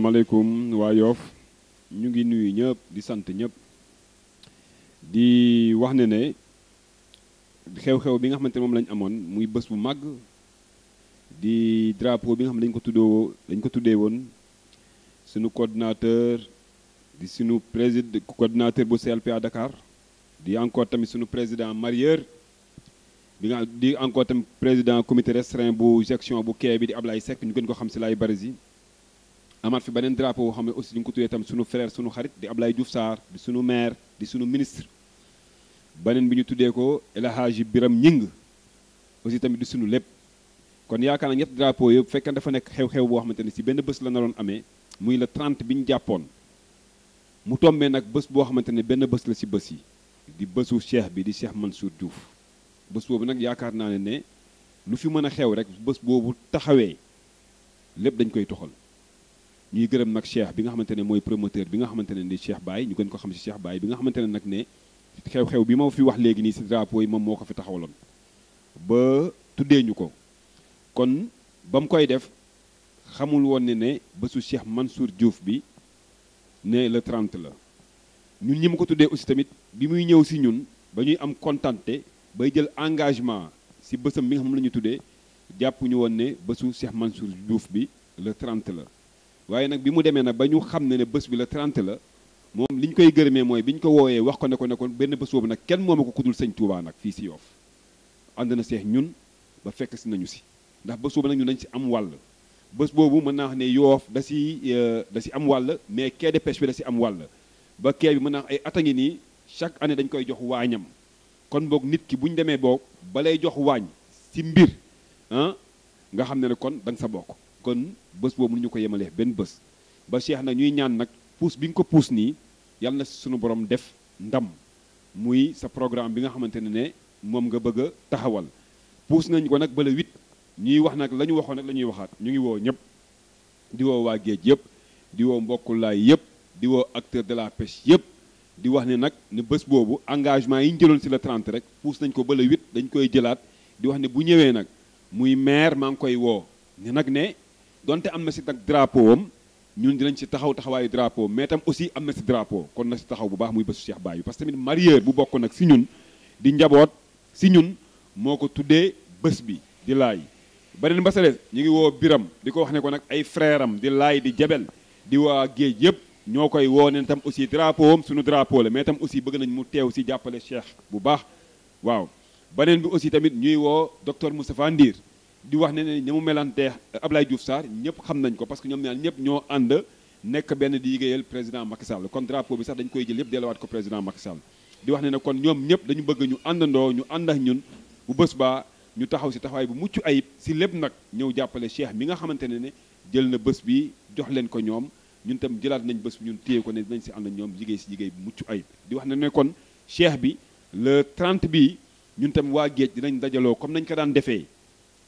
Malikum wa yof. ñu ngi nuyu ñëpp di sant ñëpp di wax ne ne xew-xew bi nga xamante ne lañ amoon muy bés bu mag. di drapeau bi nga on ne dañ ko tuddoo dañ ko tuddee woon sunu coordinateur di sunu président coordinateur bu à Dakar di encore tamit sunu président Marier. bi nga di encore tamit président comité restreint bu section bu kébi bi di Ablaye Seck ñu gën ko xam si laay amaat fi benen drapeau boo xam aussi ñu ko tuyé tam sunu frère sunu xarit di Ablaye Diouf sar di sunu maire di sunu ministre benen bi ñu tuddee ko El Hadji Biram Ñing aussi tam di sunu lépp kon yaakaar na ñett drapeau yëpp fekkee dafa nek xew-xew bo xamanteni ci benn bëss la naroon amé muy le 30 biñu japon mu tombee nak bëss bo xamanteni benn bëss la ci bëss yi di bëssu cheikh bi di Cheikh Mansour Diouf bëss bobu nak yaakaar naa ne lu fi mëna xew rek bëss bobu taxawé lépp dañ koy toxal ñuy gërëm nag Cheikh bi nga xamante ne mooy promoteur bi nga xamante ne ni Cheikh Baye ñu gën ko xam ci Cheikh Baye bi nga xamante ne nag ne xew-xew bi ma fi wax léegi nii si drapeau yi moom moo ko fi taxawaloon ba tuddee ñu ko kon ba mu koy def xamul woon ne ne bésu Cheikh Mansour Diouf bi ne le trente la ñun ñi mu ko tuddee aussi tamit bi muy ñëw ci ñun ba ñuy am kontante bay jël engagement ci bésam bi nga xam la ñu tuddee jàpp ñu woon ne bésu Cheikh Mansour Diouf bi le 30 la waaye nag bi mu demee nag ba ñu xam ne ne bés bi la 30 la moom liñ koy gërëmee mooy bi ñu ko woowee wax ko ne nekkoon benn bés boobu nag kenn moomu ko kudul sëñ Touba nag fii si Yoff ànd na seex ñun ba fekk si nañu si ndax bés boobu nag ñun dañ si am wàll bés boobu mën naa wax ne Yoff da si euh, da si am wàll mais quai de pêche da si am wàll ba quai bi mën naa ay at a chaque année dañ koy jox waañam kon boog nit ki bu ñu demee boog balay jox waañ si mbir ah nga xam ne ne kon da sa bokk kon bës boobu ñu ko yemalee benn bës ba Cheikh nag ñuy ñaan nag puus bi nga ko puus nii yàlla na suñu borom def ndam muy sa programme bi nga xamante ne ne moom nga bëgg a taxawal puus nañ ko nag ba le 8 ñuy wax nag la ñu waxoon nag la ñuy waxaat ñu ngi woo ñëpp di woo waa géej yëpp di woo mbokkulaay yëpp di woo acteur de la pêche yëpp di wax ne nag ne bës boobu engagement yi ñu jëloon si le 30 rek puus nañ ko ba le 8 dañ koy jëlaat di wax ne bu ñëwee nag muy maire maa ngi koy woo nag ne donte am na si nag drapeau am ñun dinañ si taxaw taxawaayu drapeau mais tam aussi am na ci drapeau kon na si taxaw bu baax muy bésu Cheikh Baye parce que tamit marieur bu bokk nag si ñun di njaboot si ñun moo ko tuddee bës bi di laay beneen ba sales ñu ngi woo biram di ko wax ne ko nag ay frère di laay di jabel di waa géej yëpp ñoo koy woo neen tam aussi drapeau suñu drapeau la mais tam aussi bëgg nañ mu teew si jàppale Cheikh bu baax waaw beneen bi aussi tamit ñuy woo docteur Moustapha di wax ne ne ni mu melantee Ablaye Diouf Sarr ñëpp xam nañ ko parce que ñoom ñaar ñëpp ñoo ànd nekk benn di liggéeyal président Macky Sall kon drapeau bi sax dañ koy jël yëpp delluwaat ko président Macky Sall di wax ne ne kon ñoom ñëpp dañu bëgg ñu àndandoo ñu ànd ak ñun bu bés baa ñu taxaw si taxawaay bu mucc ayib si lépp nag ñëw jàppale Cheikh mi nga xamante ne ne jël na bës bi jox leen ko ñoom ñun tam jëlaat nañ bés bi ñun téye ko ne dinañ si ànd ak ñoom liggéey si bu mucc ayib di wax ne ne kon Cheikh bi le 30 bi ñun tam waa géej dinañ dajaloo comme nañ ko daan defee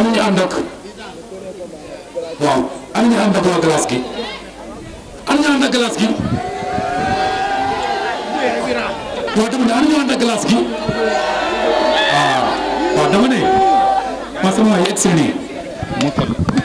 am ñu ànd ak waaw am ñu ànd ak waa glace gi am ñu ànd waaw dama ne am waaw ah, waaw dama ne ma sama waay egg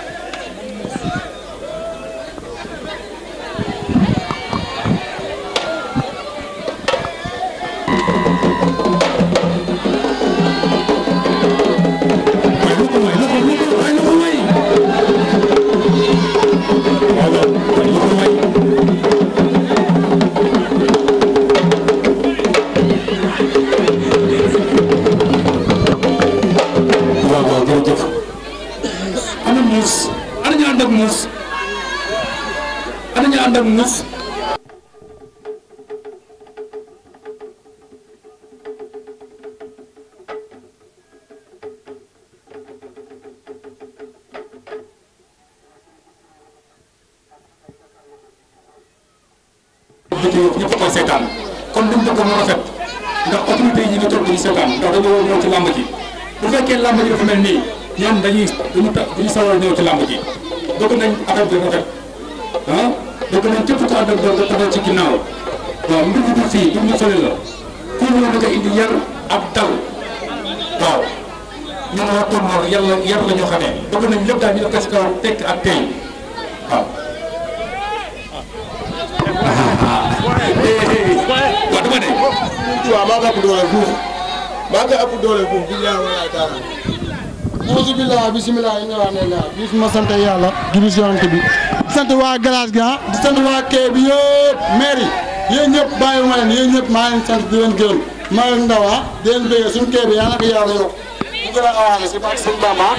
autorité yooyu ñëpp koy kon li mu rafet ndax autorité yi ñu ngi toog di seetaan ndax ci làmb ji bu fekkee làmb ji dafa mel nii ñoom dañuy duñu ta duñu ci làmb ji bëgg nañ affaire ah, nañ képp ko ànd ak doog taxaw ci ginnaaw waaw mbir mi du fii du ñu sori la ku ñëw da nga indi yar ak dal waaw ñun waa Tonor yàlla yar la ñu xamee bëgg nañ lépp daal ñu def ko kaw tekk ak tey Sëriñ Tuubaa maa ko ëpp doole fuuf maa ko ëpp doole fuuf billahi walaay taala auzu billahi bisimilah yi nga wax ne laa bis ma sant yàlla julli si yonent bi di sant waa garage gi di sant waa kee bi yëpp maire yi yéen ñëpp bàyyiwuma leen yéen ñëpp maa leen sant di leen gërëm maa leen ndaw ah di leen bëggee suñu kee bi yàlla na ko yàlla yokk bu gën a awaale si bàq suñu bàmba ah.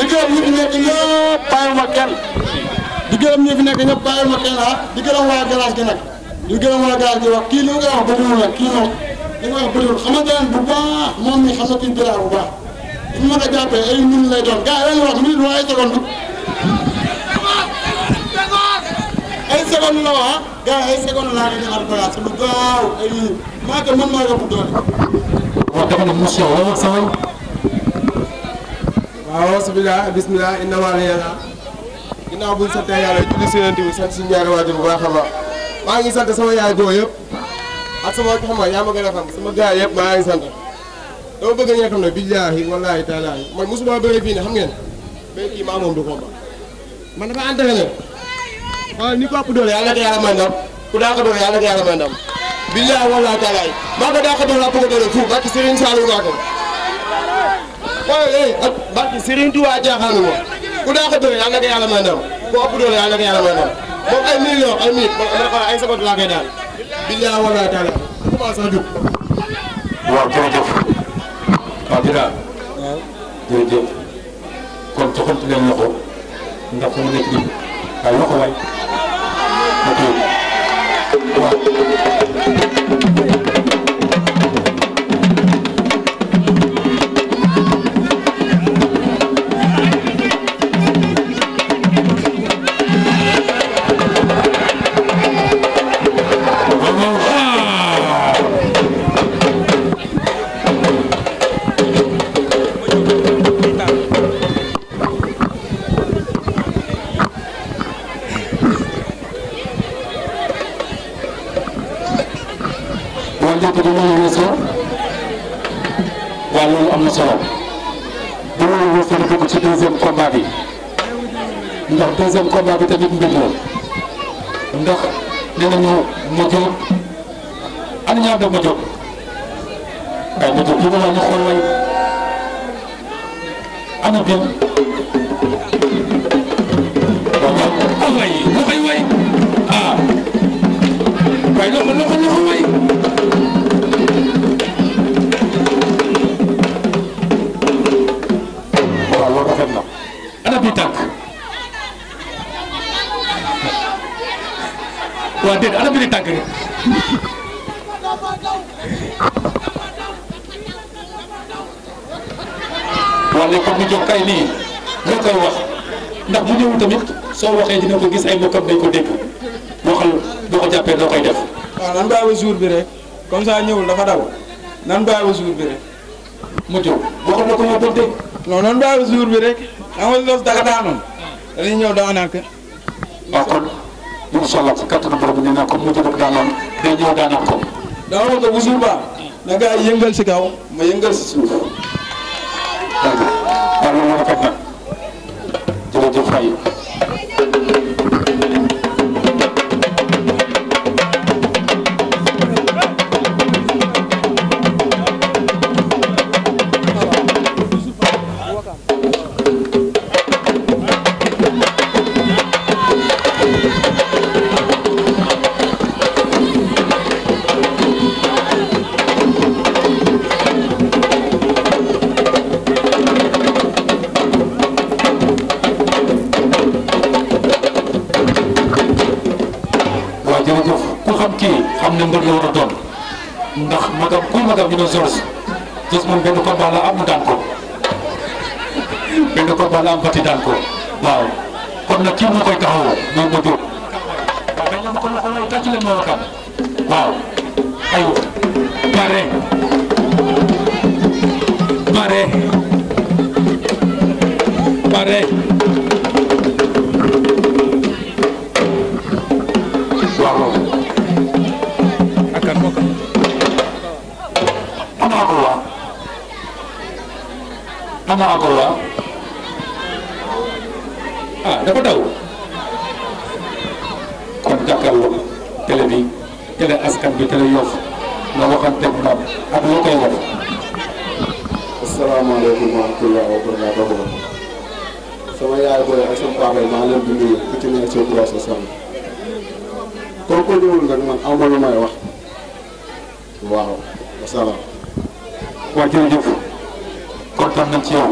di gërëm ñi fi nekk ñëpp bàyyiwuma kenn di gërëm ñi fi nekk ñëpp bàyyiwuma kenn ah di gërëm waa garage gi nag di gërëm waa garage gi wax kii li nga wax ba mu nag kii moom dañ wax bëtul xamantaan bu baax moom mi xam na kuñ biraa bu baax bu ma ko jàppee ay ñun lay doon gars yi wax minute waaye seconde ay seconde la waa gars ay seconde laa dañu am place lu gaaw ay minute maa ko mën maa ko bu doole waaw dama ne monsieur waaw sama waaw bismillah bismillah inna wàllu yàlla ginnaaw buñ santee yàlla julli si yonent bi sant suñu ñaari waajur bu baax a baax maa ngi sant sama yaay boo yëpp ak sama xam nga yaa ma gën a xam sama gars yëpp maa ngi sant dama bëgg a xam ne billaahi wallaahi taalaahi man mosuma bëree fii ne xam ngeen mais kii maa du combat man dafa entraîné waaw ni ko ëpp ko yàlla doole yàlla ko yàlla may ndam billaahi wallaahi taalaahi maa ko daa doole ëpp doole fu barki Serigne Saliou Mbacké waaw eh ak barki Serigne Touba jaaxaanu ku daa doole yàlla ko yàlla may ndam ku ëpp doole yàlla ko yàlla may ndam moom ay million ay minute man ay seconde laa koy daal commencé a jóg. waaw jërëjëf. waaw Bira. waaw jërëjëf. leen loxo ndax mu nekk nii waaye loxo waay ok waaw. dama leen wax dana dugg ci deuxième combat bi ndax deuxième combat bi tamit mbir la ndax nee nañu Modou ana ñaar def Modou waaye Modou li ma la ñu xool waaye ana benn waaw waaw way way ah waaye loxo loxo loxo way di tàkk waa déet ana bi di tàkk rek walla comme ni jox kay nii moo koy wax ndax mu ñëwul tamit soo waxee dina ko gis ay mbokkam dañ ko dégg boo xam boo ko jàppee doo koy def waaw nan bi rek comme ça ñëwul dafa daw nan bàyyi ba bi rek mu jóg waxoon na ko moo bon dégg non nan bàyyi ba bi rek xam nga loolu dara daanoon. dañuy ñëw dama naan que. Ah, waaw kon incha allah ci kattanu borom nee naa comme mu jëm daanoon day ñëw daanaan ko. dama ko ko bu subaa. na gaa yëngal si kaw ma yëngal si suuf. d'accord waaw loolu rafet na jërëjëf Faye. Thank you. ne mbër la doon ndax magam ku magam ñu ne Georges Georges moom benn combat la am mu daan ko benn combat la am bati daan ko waaw kon nag kii moo koy taxawoo moom moo waaw dañ la ko loxo lay saaba yi maa ngi leen di nuyu ku ci nekk ci droit social kon ko ñëwul nag man am na lu may wax waaw wasalaam. waaw jërëjëf kontaan nañ ci yow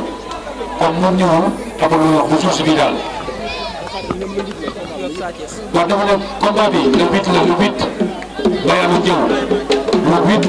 kon moom ñëwoon amul wax bu suuf bi daal waaw dafa ne combat bi le huit la le huit Bayam Dieng le huit.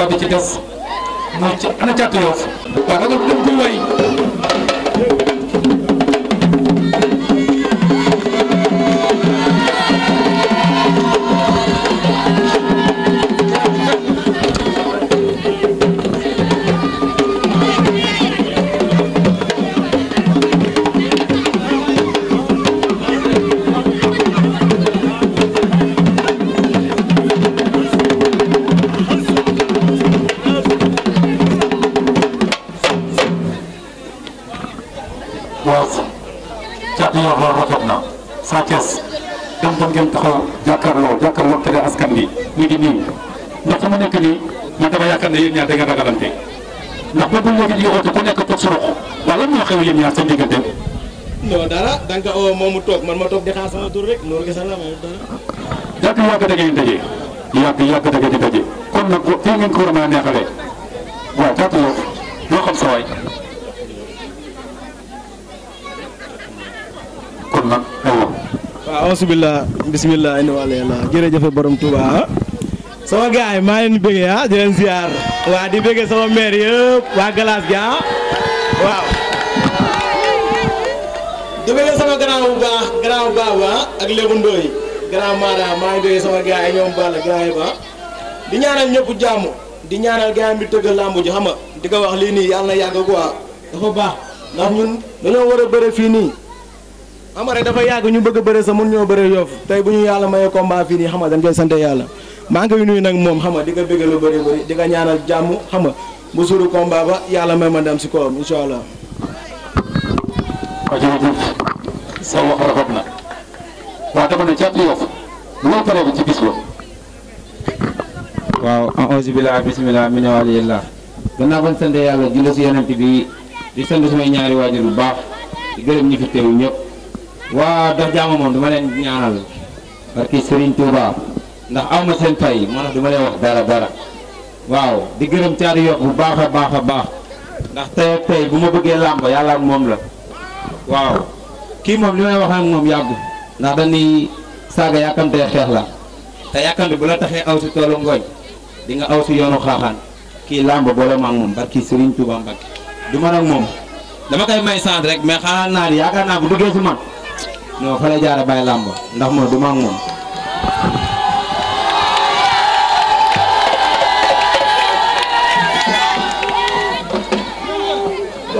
combat bi ci des mooy ci ana càtt yoof waaw ragal dem guy way xew yéen ñaar seen diggante. non dara da ko moom mu man ma di xaar sama tur rek loolu kese la moom dara. yàgg yàgg da ngeen daje yàgg da ngeen kon nag fii ngeen ko war a mën a xam sa kon nag aywa. waaw asubila bisimilah indi wàllu yàlla jërëjëf borom Touba sama gaay yi maa leen di di ziar di sama di bëgg sama grand bu baax grand Baba ak Lébu Ndoy grand Mara maa ngi sama gaa yi ñoom Balla grand yi baax di ñaanal ñëpp jàmm di ñaanal gars bi tëgg làmb ji xam nga di ko wax lii nii yàlla na yàgg quoi dafa baax ndax ñun dañoo war a bëre fii nii xam nga rek dafa yàgg ñu bëgg a bëre sa mun ñoo bëre yoof tey bu ñu yàlla mayee combat fii nii xam nga dañ koy sant yàlla maa ngi koy nuyu nag moom xam nga di ko bëgg lu bëri bëri di ko ñaanal jàmm xam nga bu suuru combat yàlla may ma dem si kawam incha waaw jërëjëf sa wax rafet na waaw dama ne Thiatou Yoff loo paree ci si yonent bi di sant sumay ñaari waajur bu di gërëm ñi fi teew ñëpp waa dox jaama moom dama leen ñaanal barki Serigne Touba ndax awma seen fay moo tax duma leen wax dara dara waaw di gërëm Thiatou Yoff bu tey tey bu ma bëggee làmb yàlla ak waaw kii moom li may wax ak moom yàggu ndax dañuy saaga yàkkamtee xeex la te yàkkamte bu la taxee aw si toolu ngooñ di nga aw si yoonu xaaxaan kii làmb boole ma ak moom barki Serigne Touba Mbacke du man ak moom dama koy may sant rek mais xaaral naa yaakaar naa bu duggee si man non fa la jaara bàyyi làmb ndax moom du ma moom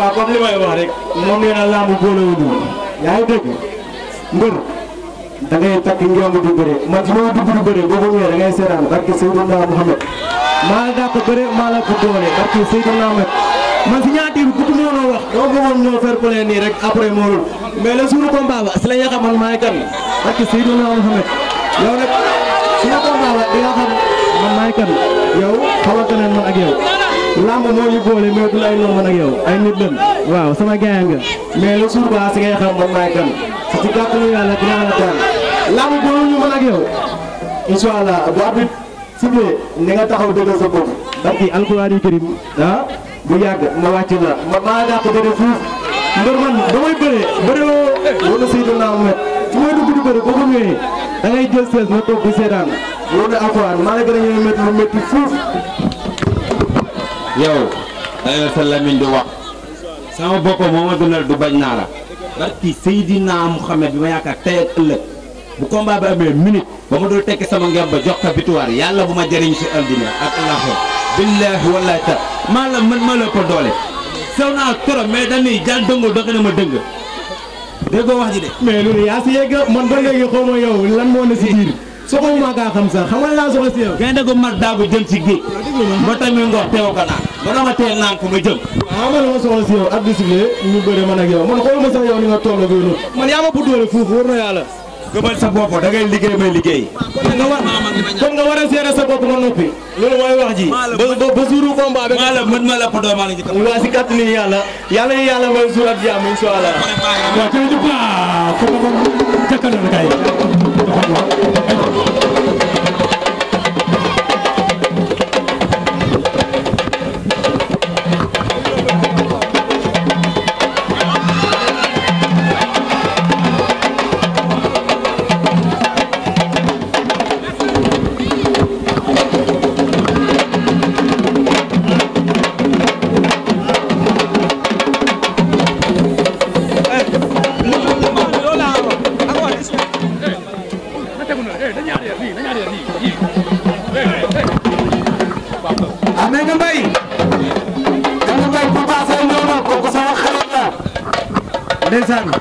waaw comme li may wax rek moom nee na làmb boolewuñu yaa ngi dégg mbër da ngay takk njong du bëre man su ma dugg du bëre boo ko ñëwee da ngay seetaan barke Seydina Mouhamed maa la dàq bëre maa la ko doole barke Seydina Mouhamed man si ñaati bi ku mënoon wax dama bëggoon ñoo faire play nii rek après moo mais le suñu combat ba si la ñu xam man maay kan barke Seydina Mouhamed yow nag suñu combat ba di nga xam man maay kan yow ne man ak lamb moo ñu boole mais du ay nomba nag yow ay nit lañ waaw sama gaay nga mais le jour ba si ngay xam man maay kan si gàttalu yàlla dinaa la daan lamb boole ñu man ak yow incha allah bu abit si biir ni nga taxaw dëggal sa bopp barki alquraan karim ah ma wàcc la ma maa dàq bëre ngay jël ma toog gën a ñëw métti lu métti fuuf yow dayoo sa lamiñ du wax sama bopp moo ma gënal du bañ naa la barki Seydina Muhammad bi ma yaakaar tey ak ëllëg bu combat bi amee minute ba ma dul tekki sama ngem jox ko bituwaar yàlla bu ma jëriñ si àddina ak àllaaxira billaahi wallaahi ta maa la mën maa la ko doole sew naa trop mais dañuy jàll dëngoo doxe na ma dëng déggoo wax ji de mais loolu yaa si yegg man ba léegi xaw ma yow lan moo ne si biir soxla maa kaa xam sax xam nga laa soxla si yow. gaynde gu mat daagu jëm ci géej. ba tamit ngox teew ko naan. ba dama teel naan ko ma jëm. waaw ma soxla si yow ak discipline ni yaa ma bu doole foofu war na yàlla. gëmal sa bopp da ngay liggéey may liggéey. kon nga war kon nga war a seere sa bopp nga noppi. loolu mooy wax ji. ba ba suuru combat bi. maa la mën ma la podoo maa la ñu taxaw. waa si kàttanu yàlla yàlla yàlla may suur ak jàmm incha allah. waaw jërëjëf waaw kooku moom Thank you. ¡Gracias!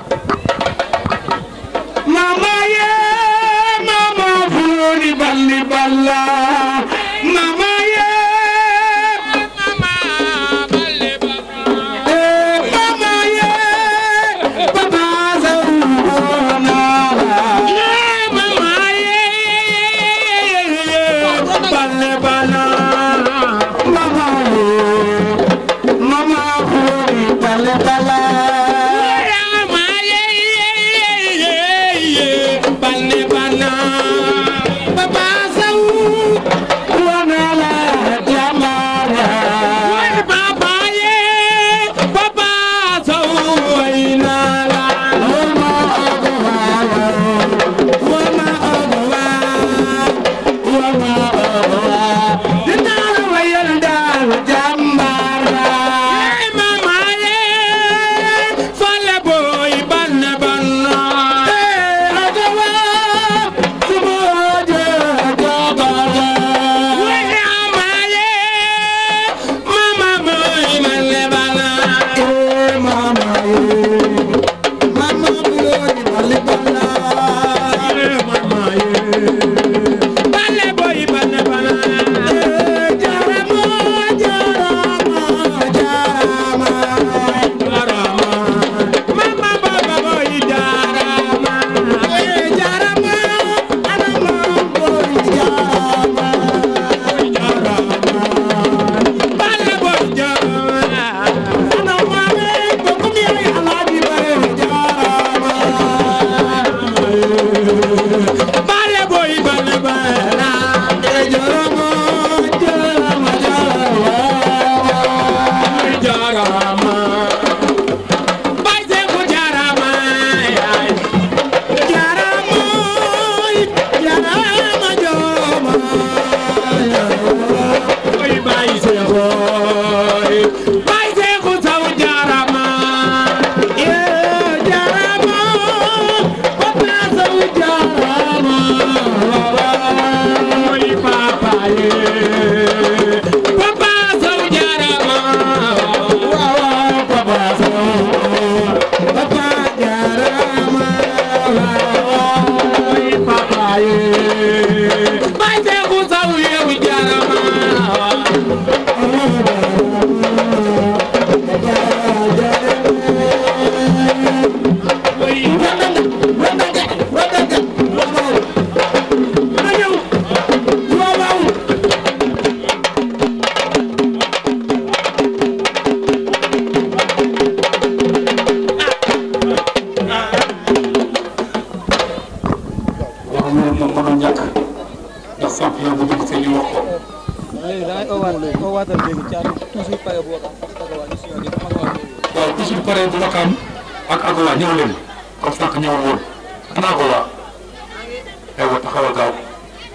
aywa taxawal gaaw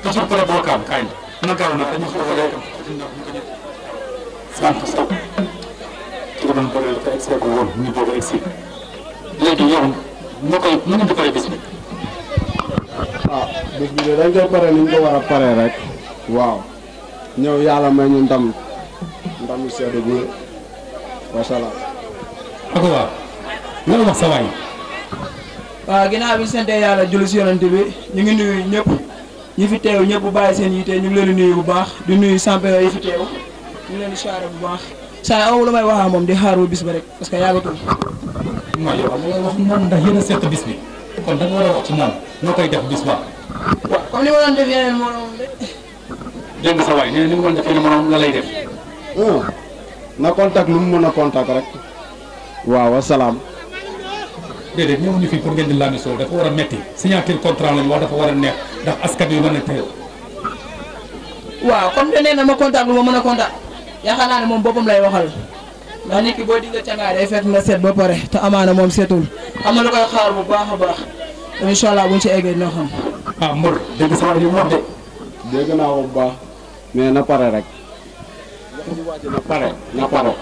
te suuf pare boo kaam kaay na gaaw na dañu xaw a léegi sant saw ci doon bëri la te egg seegu woon ñu boobu egg si léegi yow noo koy nu ngeen di paree bis bi. waaw ah, bis bi de dañ koy pare ni ñu ko war a paree rek waaw ñëw yàlla may ñu ndam ndamu sedd bi macha allah. ak waa loolu wax sa waay. waaw ginnaaw bi sante yàlla julli si yonante bi ñu ngi nuyu ñëpp ñi fi teew ñëpp bu bàyyi seen yite ñu ngi leen di nuyu bu baax di nuyu champion yi fi teew ñu ngi leen di siyaare bu baax saa aw lu moom di xaar bu rek parce que yàggatul mooy yow am nga bis bi kon da nga wax ci moom noo koy def bis ba waaw comme ni ma doon def yeneen nga la lay def hmm. na contact lu mu mën a contact rek waaw asalaam déedéet ñëwuñu fii pour ngeen di laami soo dafa war a metti signature contrat lañu wax dafa war a neex ndax askan wi mën a teew waaw comme de nee na ma kontaan lu ma mën a yaakaar naa ne moom boppam lay waxal ndax ki boo dinga cangaay day fekk nga seet ba pare te amaana moom seetul am na lu koy xaar bu baax a baax incha allah bu ci eggee dina xam ah mbër dégg sa wax wax dégg naa ko bu baax mais na pare rek wax ñu wàcc na pare na pare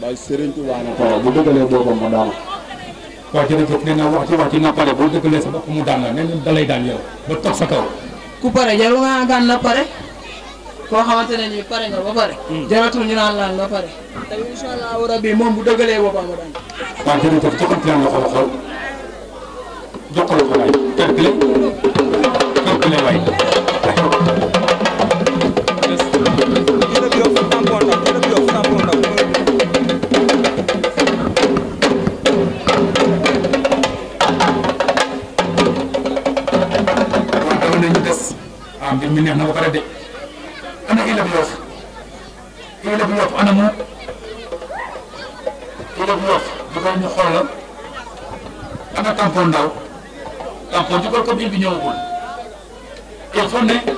bay Serigne Touba na bu dëggalee boppam ma daal waaw jërëjëf nee naa wax ci wax ci pare boo dëggalee sa bopp mu daan la nee na dalay daan yow ba toog sa kaw. ku pare jarul nga daan na pare koo xamante ne nii pare nga ba pare. Hmm. jaratul ñu naan laan ba pare. te incha allahu rabi moom bu dëggalee boppam mu daan. waaw jërëjëf joxante naa la xool xool jox ko la ko tampon ndaw tampon ci ko commune bi ñëwagul il faut ne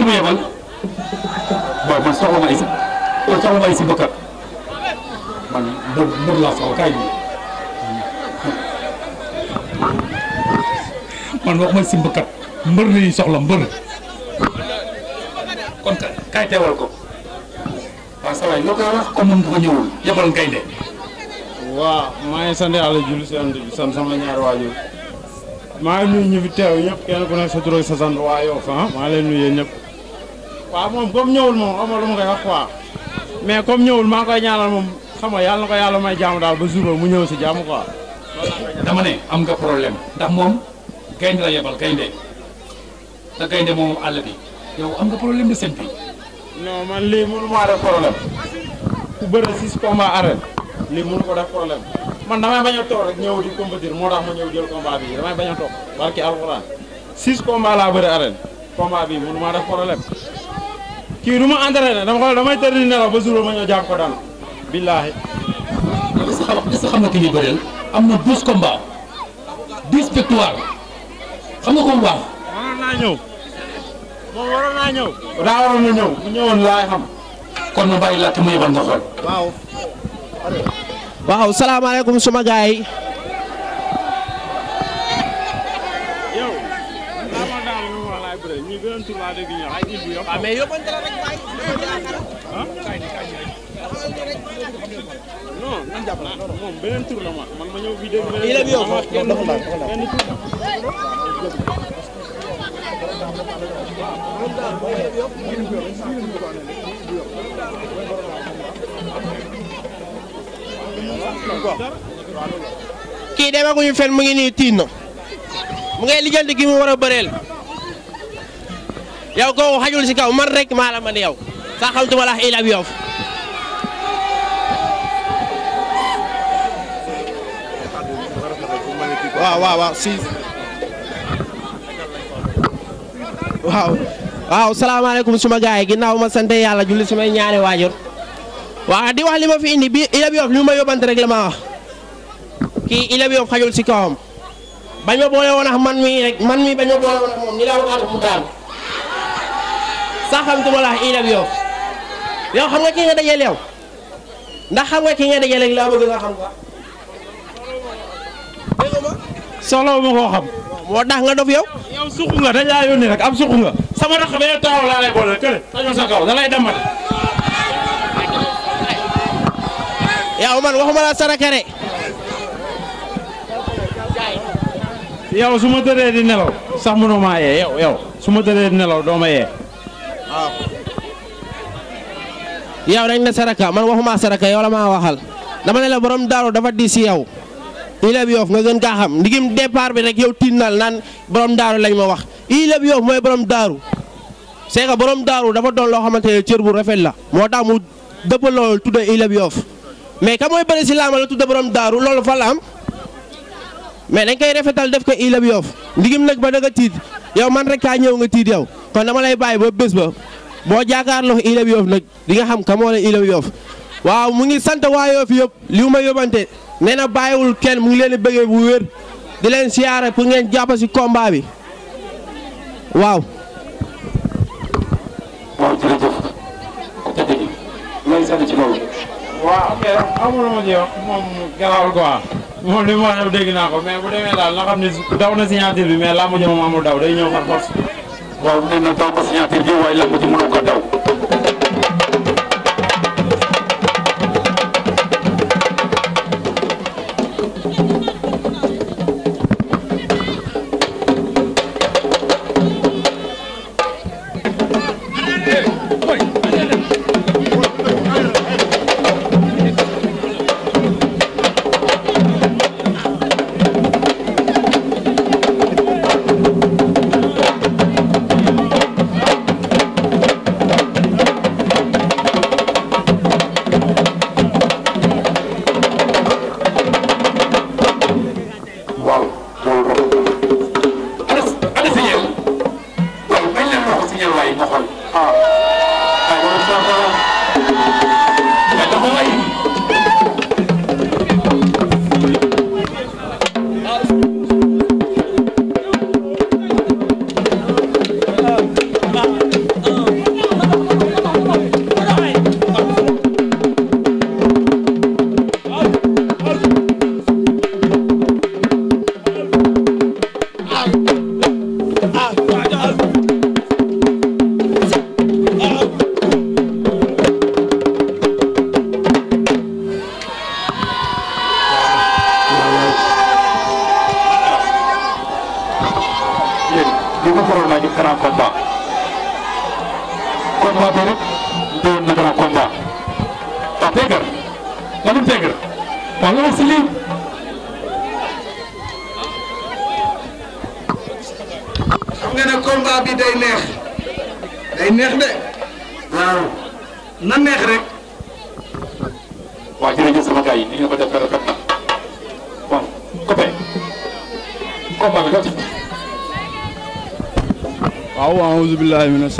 ki ya bang, bang man soxla ma Issa man soxla ma Issa bang man mbër mbër laa soxla kaay bi man waxuma Issa Bakar mbër la ñuy soxla mbër kon kaay teewal ko waaw sa waay loo sama ñaari waajur maa ngi nuyu ñu fi teew ñëpp sa tur sa maa waaw moom comme ñëwul moom amul lu ma koy wax quoi mais comme ñëwul maa ngi moom xam nga yàlla ko yàlla may jàmm daal ba jour mu ñëw si jàmm quoi. dama ne am ga problème ndax moom gaynde la yebal gaynde te gaynde moom àll bi yow am nga problème de seen bi. non man lii mënu maa def problème ku bëri six combat arène lii mënu ko def man damay bañ rek ñëw di compétir moo tax ma ñëw jël combat bi damay bañ a toog barki alxuraan six combat laa bëri bi kii du ma dama xool damay tëdd nelaw ba jour ma ñëw jàpp ko daan billaahi. est-ce xam nga ki ñuy bëreel am na douze combats dix victoires xam nga ko bu baax. waroon naa ñëw moom waroon naa ñëw. daa waroon na ñëw bu ñëwoon laay xam. kon mu bàyyi laajte mu yëbal nga xool. waaw. waaw salaamaaleykum suma gaay Ah, beneen tur waa dégg mu ngi nii tiin na mu ngay lijjanti gi mu war a yow kooku xajul si kaw man rek maa la man yow sax tuma la ilam yoof waaw waaw si waaw waaw suma gaay ginnaaw ma sant yàlla julli sumay ñaari waajur waaw di wax li ma fi indi bi ilam yoof li ma yóbbante rek la ma wax kii ilam yoof xajul si kawam bañ ma boole woon man mi bañ ma boole woon moom ni la waxaatu mu daan sahamtumalaa ilam yow yow xam nga kii nga dajeel yow ndax xam nga kii nga dajeel ak laa bëgg nga xam ko soxlawu ma koo xam moo tax nga dof yow yow nga dañ laa yónni rek am suqu nga sama rax bee taaw laa lay boole kële sañu sa kaw da lay dambate yow man waxuma la sarakare yow su ma dëree di nelaw sax mënuma yee yow yow su ma dëree di nelaw doo yee waaw. yow dañ ne saraka man waxuma saraka yow la maa waxal dama ne la borom daaru dafa di si yow. Ileb Yoff nga gën kaa xam ndigim départ bi rek yow tinnal naan borom daaru lañ ma wax Ileb Yoff mooy borom daaru c'est borom daaru dafa doon loo xamante ne cër bu rafet la moo tax mu dëppal loolu tudda Ileb Yoff mais ka mooy bëri si laama la tudda borom daaru loolu fa la mais dañ koy rafetal def ko Ileb Yoff ndigim nag ba da nga tiit yow man rek kaa ñëw nga tiit yow. kon dama lay bàyyi ba bés ba boo jàkkaarloo Ilem Yoff nag di nga xam ka moo ne Ilem waaw mu ngi sant waa Yoff yëpp li ma yóbbante nee na bàyyiwul kenn mu ngi leen di bëggee bu wér di leen siyaare pour ngeen jàpp si combat bi waaw. waaw jërëjëf. ngay sant ci loolu. waaw ok amul ma ci wax moom garaawul quoi moom li mu wax dëgg naa ko mais bu demee daal na xam daw na signature bi mais làmb ji moom amul daw day ñëw par force. waaw nee na daw ba signature bi waaye lamb ji mënu ko daw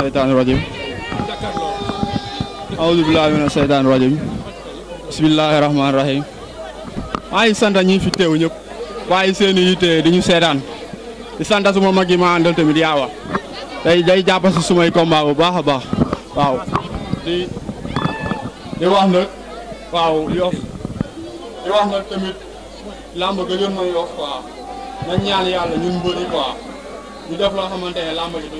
seytaani rajim awdu billaahi mina seytaani rajim bismillaahi rahmaani rahim maa ngi sant ñi fi teew ñëpp i yitte di ñu seetaan di suma mag ma àndal tamit yaawa day day jàpp si sumay combat bu baax a baax waaw di di wax nag waaw Yoff di wax nag tamit làmb gëjoon na Yoff quoi nañ ñaan yàlla ñun mbëri quoi ñu def loo xamante ne làmb ji du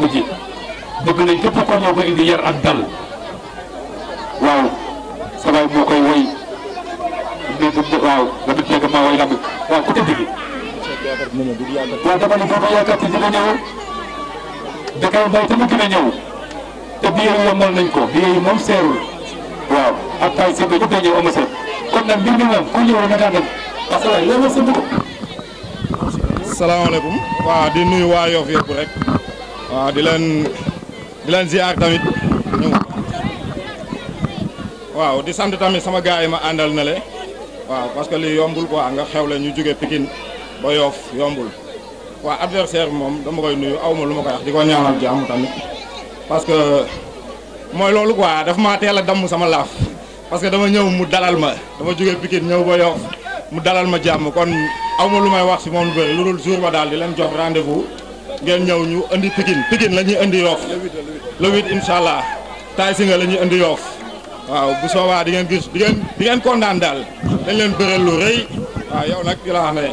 làmb ji bëgg nañ képp ko ñëw ko indi yar ak dal waaw sabay moo koy woy waaw dama ci yàgg maa woy làmb waaw ku tëdd gi waaw dama ne booba yaakaar te dina ñëw Dakar ñëw te billet yi yombal nañ ko billet yi moom seerul waaw ak tay si ba a dañuy am seen kon nag mbir mi moom ku ñëw rek nga dem parce que waaye yow sëñ bi. salaamaaleykum. waaw di nuyu waa yëpp rek. waaw ah, di leen di leen ziar tamit waaw di sant tamit sama gars yi ma nale. na le waaw parce que yombul quoi nga xewle ñu pikin Pikine ba yombul waaw adversaire mom dama koy nuyu awma lu ma koy wax di ko ñaanal jàmm tamit parce que mooy loolu quoi daf maa teel sama laf parce que dama ñëw mu dalal ma dama jóge Pikine ñëw ba Yoff mu dalal ma jàmm kon awma lu may wax si moom lu bëri dul jour ba di jox rendez-vous ngeen ñëw ñu indi Pikine Pikine la ñuy indi Yoff le huit incha allah taay si nga la ñuy indi Yoff waaw bu soobaa di gis di ngeen di ngeen kontaan daal dañ leen bëral rëy waaw yow nag di la ne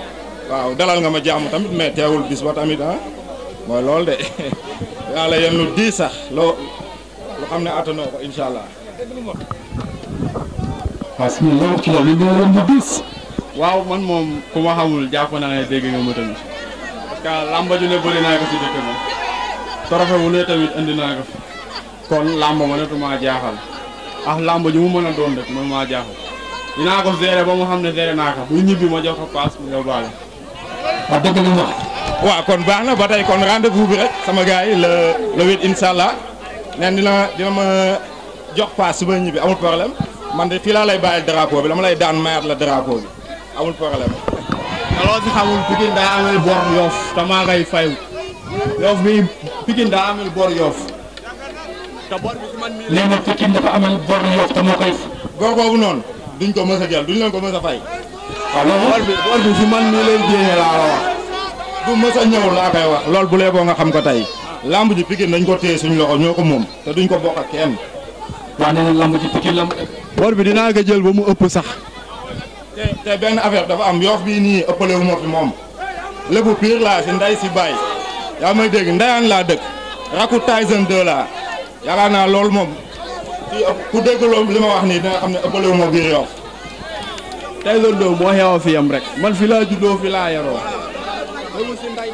waaw dalal nga ma jàmm tamit mais teewul bis ba tamit ah mooy loolu de yàlla yéen lu di sax loo loo xam ne attanoo ko incha allah. bismillah ci la ñu doon lu waaw man moom ku ma xamul jàpp naa ne dégg nga ma tamit. kaa làmb ju ne bëri naa ko si dëkk bi trophée wu ne tamit indi naa ko fi kon làmb mënatuma jaaxal ak làmb ju mu mën a doon rek mënuma jaaxal dinaa ko gérer ba mu xam ne gérer naa ko bu ñibbi ma jox ko paas mu yóbbaale. wax dëgg lu wax. waaw kon baax na ba tey kon rendez-vous bi rek sama gars yi le le huit incha dina dina ma jox paas su ma ñibbi amul problème man de fii lay bàyyil drapeau bi la ma lay daan mayaat la drapeau bi amul problème. loolu si xamul Pikine daa amel bor yoof te maa ngay fayu yoof bi Pikine daa amel bor yoof te bor bi duñ ko mës a jël duñ leen ko mës fay waaw ah, loolu bor bi bor bi si man mii lay jéene laa la wax du mës a ñëw laa koy wax loolu bu lee nga xam ko tey lamb ji Pikine dañ ko téye suñ loxo ñoo ko moom te duñ ko bokk ak kenn waaw nee ji Pikine lamb bor bi dinaa ko jël ba mu ëpp sax te benn affaire dafa am yoof bii nii ëppale wu ma fi moom lébu pire laa si nday si baay yaa may dégg ndayaan laa dëkk rakku Tyson 2 laa yaakaar naa loolu moom fii ku dégg loolu li ma wax nii dina am ne ëppale wu ma biir yoof Tyson 2 moo fi yam rek man fi laa juddoo fi laa yaroo lébu si nday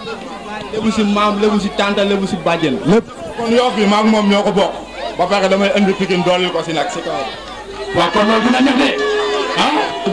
lébu si maam lébu si tànta lébu si bàjjen lépp kon yoof bi maak moom ñoo ko bokk ba pare damay indi Pikine doolil ko si nag si kaw waaw kon loolu dina ñëw de ah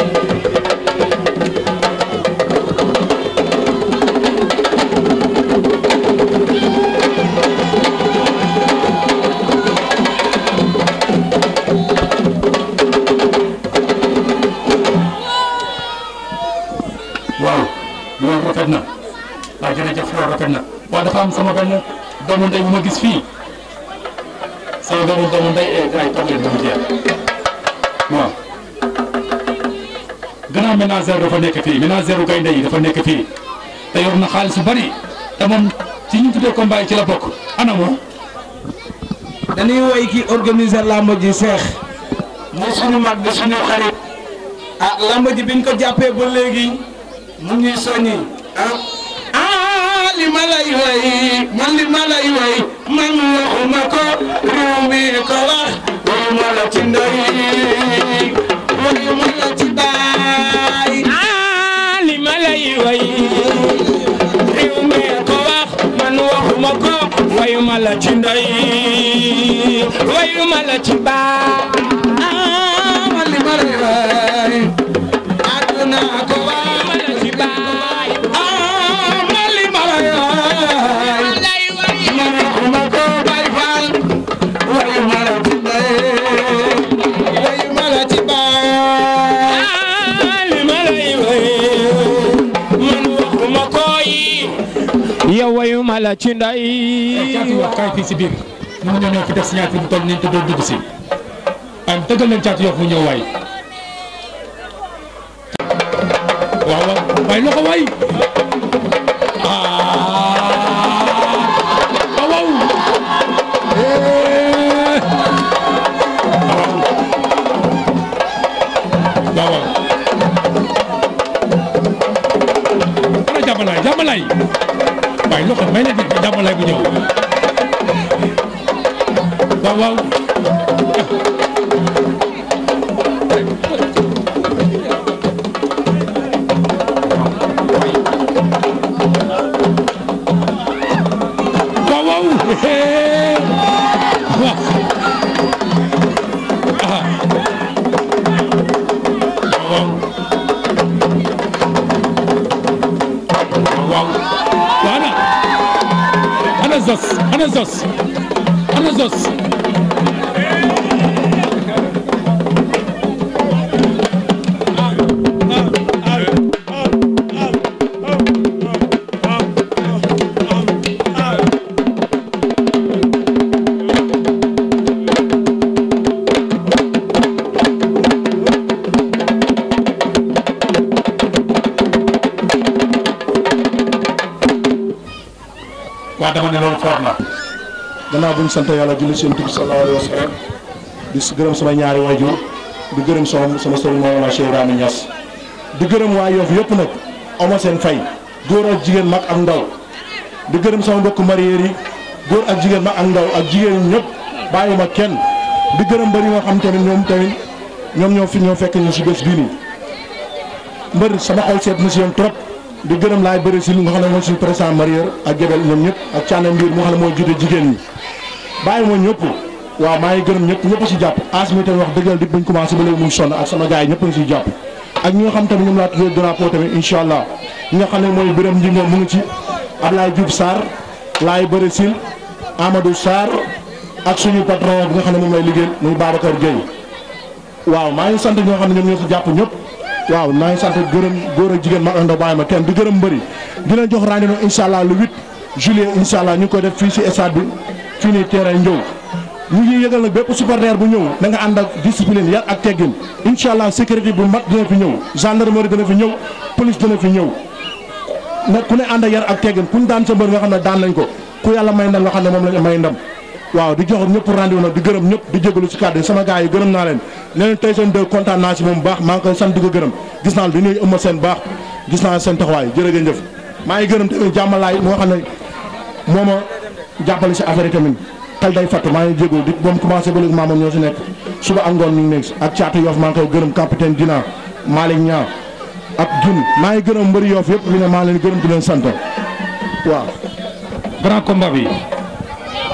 doomu ndey bu ma gis fii sama doomu doomu ndey eh gars yi toog leen dama jeex waaw gannaaw ménagère dafa nekk fii ménagère gaynde yi dafa nekk fii te yor na xaalis bu bari te moom ci ñu tuddee combat yi ci la bokk ana moom dañuy woy ki organiser làmb ji seex muy suñu mag di suñu xarit ah làmb ji biñ ko jàppee ba léegi mu ñuy soññi ma way man ci ndey wayuma la ci baay ah li ma lay way réew mi ko wax man waxuma ah, li ma lay way la ci nday caatu yoof kaay fii si biir mën nañoo ñëw fi def signature bu toll nii te doo dugg si am tëggal leen caatu yoof mu ñëw waay waaw waaw waay loxo waay ah. eh. Jambalay Jambalay bay loxo may la di jàmbalay bu ñëw waaw waaw ana Zoss ana Zoss naa ne loolu foor bu ñu sant yàlla julli seen tub sallallahu alayhi wa sallam gërëm sama ñaari waajur di gërëm sama sama sëriñ Mawlana Cheikh Ibrahima Niass di gërëm waa Yoff yëpp nag ama seen fay góor ak jigéen mag ak ndaw di gërëm sama mbokk mariyeer góor ak jigéen mag ak ndaw ak jigéen ñëpp ma kenn di gërëm bëri nga xam tamit ñoom tamit ñoom ñoo fi ñoo fekk ñu si bés bii nii mbër sama xol seet na si yoon trop di gërëm laay bëri si lu nga xam ne mooy suñu président marieur ak Guébel ñoom ñëpp ak jigéen ñi bàyyi ma ñëpp waaw maa ngi gërëm ñëpp ñëpp si jàpp as mi tamit wax dëggal di buñ commencé ba léegi mu ngi sonn ak sama gars yi ñëpp ngi si jàpp ak ñi xam allah nga xam ne mooy Birame Ndingo mu ngi ci laay Diouf saar laay bëri sil Amadou Sarr ak suñu patron bi nga xam ne moom lay liggéey muy Babacar Gueye waaw maa ngi sant ñoo xam ne ñoom ñoo si jàpp ñëpp waaw maa ngi sant gërëm góor ak jigéen mag ak ndaw bàyyi kenn di gërëm mbëri dina jox rendez-vous incha allah le 8 juillet incha allah ñu ngi koy def fii si stade bi fii nii terrain Ndiow ñu ngi yëgal nag bépp supporter bu ñëw da nga ànd ak discipline yar ak teggin incha allah sécurité bu mat dina fi ñëw gendarmerie dina fi ñëw police dina fi ñëw nag ku ne ànd ak yar ak teggin ku ñu daan sa mbër nga xam ne daan nañ ko ku yàlla may ndam nga xam ne lañ may ndam waaw di jox ñëpp rendez-vous di gërëm ñëpp di jégalu si kàddu sama gars yi gërëm naa leen leneen tey seen deux kontaan naa si moom baax maa ngi koy sant di gërëm gis naa di nuyu ëmma seen baax gis naa seen taxawaay jërëjëf maa ngi gërëm tamit jàmmalaay moo xam ne moom ma jàppale si affaire yi tamit xel day fatt maa ngi jégalu di moom commencé ba léegi maamam ñoo si nekk suba ak ngoon ñu ngi nekk ak caatu yoof maa ngi koy gërëm capitaine dina ak maa ngi gërëm mbëri yoof yëpp bi ne maa leen gërëm di leen sant waaw grand bi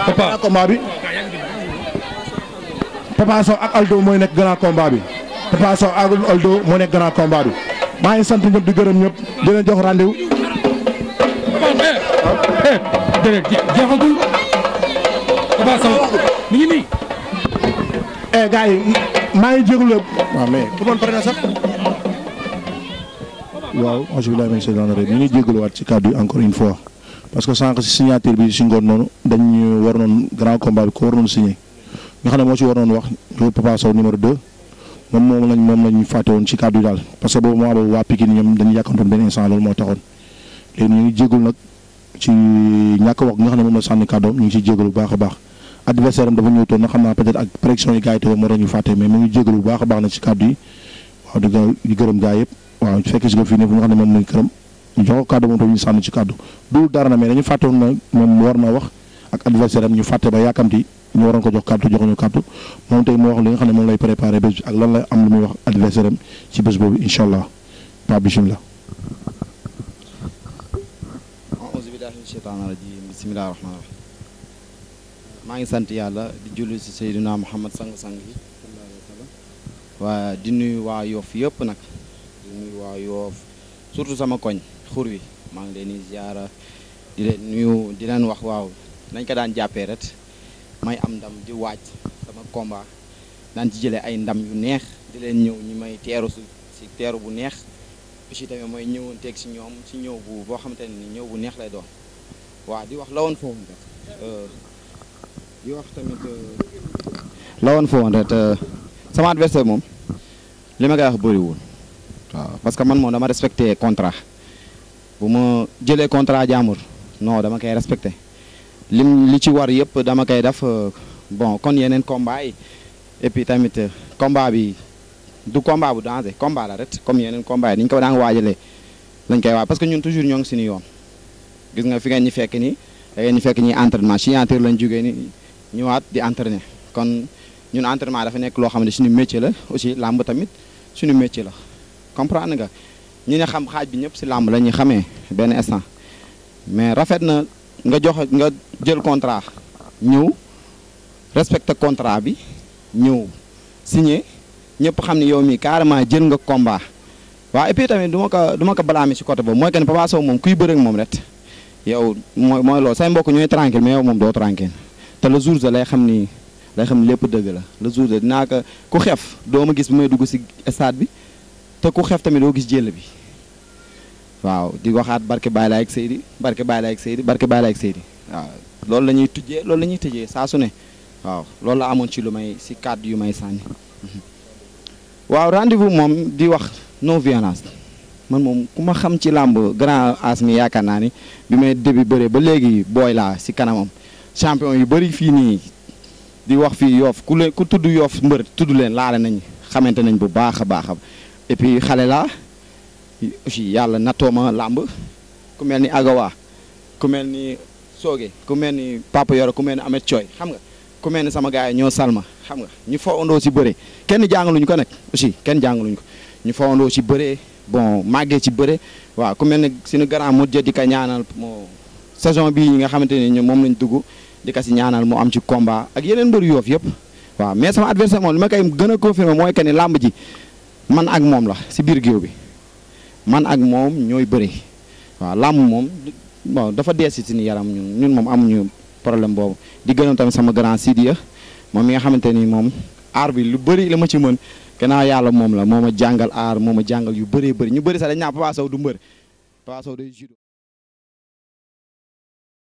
Papa combat bi Papa Sow ak Aldo mooy nekk grand combat bi Papa Sow ak Aldo mooy nekk grand combat bi maa ngi sant ñëpp di gërëm ñëpp di leen jox rendez-vous. Eh, eh, déedéet jeexagul Papa Sow mi ngi nii. eh gars yi maa ngi jégalu lépp waaw mais ku doon pare na sax. waaw. ñu ngi jégaluwaat ci kàddu yi encore une fois. parce que sank ci signature bi si ngoon noonu dañ war non grand combat bi ko war non signé nga xamné mo ci war non wax loolu Papa saw numéro 2 mom mom lañ mom lañ faté won ci cadre dal parce que bo mo amoon wa Pikine ñom dañ yakantu ben instant lool mo taxone léegi ñu jéggul nak ci ñak wax nga xamné ne moom la sànni kàddoom ñu ci jéggul bu baax baax adversaire dafa ñëw toon na xam peut-être ak prévision yi gaay yi mo rañu faté mais mo ñu jéggul bu baax baax na ci cadre yi wa du gaay di gëreum gaay yépp wa fekk ci ko fi ne bu nga xamné mom moom muy ñu jox ko kàddu moom tamit ñu sànni ci kàddu du dara na mais dañu fàtte woon na moom war na wax ak adversaire am ñu fàtte ba yàkkamti ñu waroon ko jox kàddu joxuñu kàddu moom tey moo wax li nga xam ne moom lay préparé bés bi ak lan la am lu muy wax adversaire am ci bés boobu incha allah Pape bisimilah. bisimilah. maa ngi sant yàlla di si Seydina Muhammad sang-sang yi waa di waa yoof yëpp nag di nuyu waa yoof surtout sama koñ. xur wi maa ngi leen di ziara di leen nuyu di leen wax waaw nañ ko daan jàppee rek may am ndam di waaj sama combat daan ci jëlee ay ndam yu neex di leen ñëw ñu may teeru si teeru bu neex aussi tamit mooy ñëwanteeg si ñoom si ñëw boo xamante ne ni ñëw bu neex lay doon waaw di wax la woon foofu rek euh, di euh, woon rek euh, sama adversaire moom li ma koy wax bëriwul waaw parce que man moom dama respecté contrat bu ma jëlee contrat jaamur non dama kay respecté lim li ci war yëpp dama kay def euh, bon kon yenen combat yi et puis tamit euh, combat bi du combat bu danger combat la rek comme yenen combat yi ni ñu ko daan waajalee lañ kay wa parce que ñun toujours ñong suñu yoon gis nga fi nga ñi fekk ni da ngeen ñi fekk ñi entraînement ci entraîneur lañ jógee ni ñëwaat di entraîner kon ñun entraînement dafa nek lo xamné ne suñu métier la aussi lamb tamit suñu métier la comprendre nga ñu ne xam xaaj bi ñëpp si làmb la ñuy xamee benn instant mais rafet na nga jox nga jël contrat ñëw respecté contrat bi ñëw signé ñëpp xam ne yow mii carrément jël nga combat waaw et puis tamit du ma ko du mi ko balaame si côté boobu mooy que ne Papa Sow moom kuy bëre ak moom rek yow mooy mooy loolu say mbokk ñooy tranquille mais yow moom doo tranquille te la jour lay xam ni lay xam ni lépp dëgg la le jour dinaa ko ku xef doo ma gis bu may dugg si stade bi te ku xef tamit doo gis jël bi waaw di waxaat barke Baye Laye ak Seydi barke Baye Laye ak Seydi barke waaw loolu la ñuy tujjee loolu la tëjee saa su ne waaw loolu la amoon ci lu may si kàddu yu may sànni mhm. waaw rendez-vous moom di wax non violence man moom ku ma xam ci làmb grand as mi yaakaar naa ni bi may début bëre ba léegi booy laa si kanamam champion yu bëri fii nii di wax fii yoof ku leen ku tudd yoof mbër tudd leen laale nañ xamante nañ bu baax a baax xale laa fi yalla natoma ma ku melni Agawa ku melni soge, ku melni Papa Yoro ku melni Amet Coy xam nga ku melni sama gaay ño salma xam nga ñu ondo ci beure kenn jangaluñ ko nak aussi kenn jangaluñ ko ñu ondo ci beure bon magge ci beure wa ku melni suñu grand mu jë ka ñaanal mo saison bi nga xamanteni ñu mom lañ duggu di ka ci ñaanal mo am ci combat ak yeneen beur yof yep wa mais sama adversaire mo li ma koy gën confirmer moy que lamb ji man ak mom la ci bir géew bi man ak moom ñooy bëri waaw làmb moom bon dafa dee si suñu yaram ñun ñun moom amuñu problème boobu di gërëm tamit sama grand Sidiya moom yi nga xamante ni moom aar bi lu bëri la ma ci mën gannaaw yàlla moom la moom ma jàngal aar moom ma jàngal yu bëree bëri ñu bëri sax dañ naa Papa Sow du mbër Papa Sow day judo